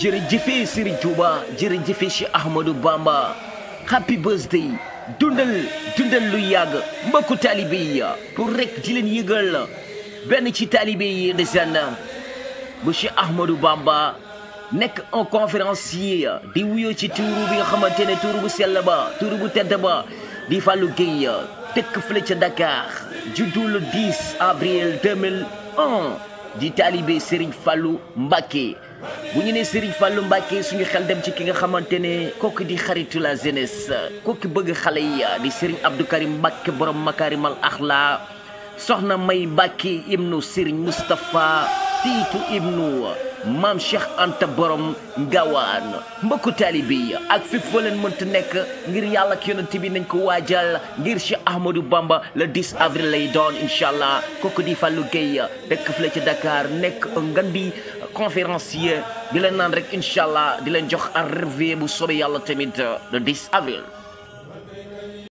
jërëjëfe Serigne Touba jërëjëfe Cheikh Ahmadou Bamba happy birthday dundal dundal lu yàgg mbokku taalibe yi pour rek di leen yëgal benn ci taalibe yi ndeysaan bu Cheikh Ahmadou Bamba nekk un conférencier di wuyoo ci tuuru bi nga xamante ne tuuru bu sell ba tuuru bu tedd ba di Fallou Guèye dëkk fule ca Dakar juddu le 10 avril 2001 di taalibe Serigne Fallou Mbacké bu ñu nee Serigne Fallou Mbacké suñu xel dem ci ki nga xamante ne kooku di xaritu la jeunesse kooku bëgg xale yi di Serigne Abdou Karim Mbacké borom Makarimal Akhla soxna May Mbacké ibnu Serigne Moustapha fiitu ibnu maam cheikh anta borom ngawaan mbokku taalibe yi ak fi fa leen mënta nekk ngir yàlla ak yonent bi nañ ko waajal ngir cheikh ahmadou bamba le 10 avril lay doon incha allah kooku di Fallou Gueye dëkk la ci dakaar nekk ngan di conférencier di leen naan rek incha allah di leen jox arrivée bu soobee yàlla tamit le 10 avril